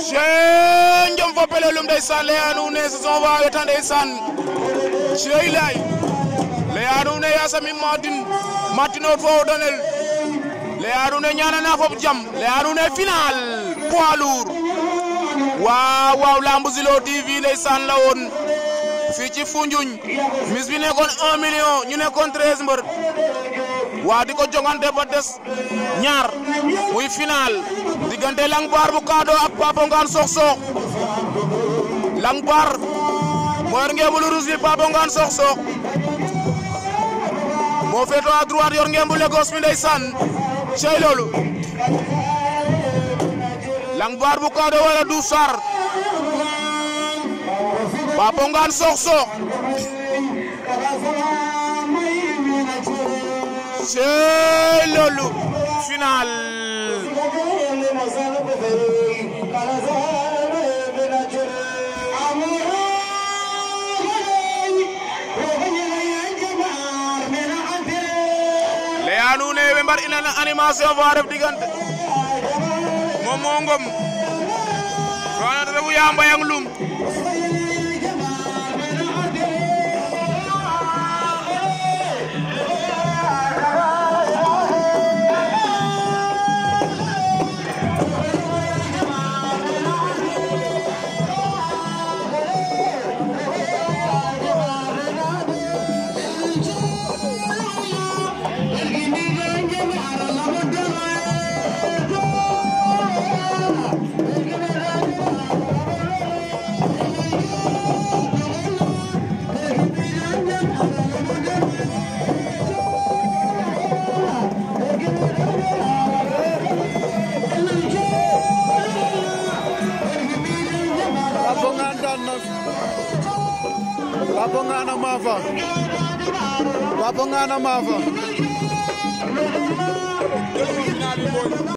cey njom fo pelelum ndeysaan leyaanum ne saison fa weta ndeysaan cey lay leyaanum ne yasamin matin matinot fo o donel leyaanum ne ñaanana fop jam leyaanum ne final poids lourd waaw waaw Lamb Zilo TV ndeysaan la woon fii ci Foundiougne mise bi nekkoon 1 million ñu nekkoon mbër wa diko ko ba des ñaar muy final diggante lang bukado bu kado ak Papa ngan sox sox lang baar moo yor sok, rouge bi Papa ngan sox sox mo féetoo a droite yor ngeembu Lagos mi ndeysaan cey lolou lang bu kado wala du sar Papa ngan sox sox c'est loolu final leyanu ne ɓe mbar ina animation fa ref ngom to refu ya mbayang lum 59 Papa Ngana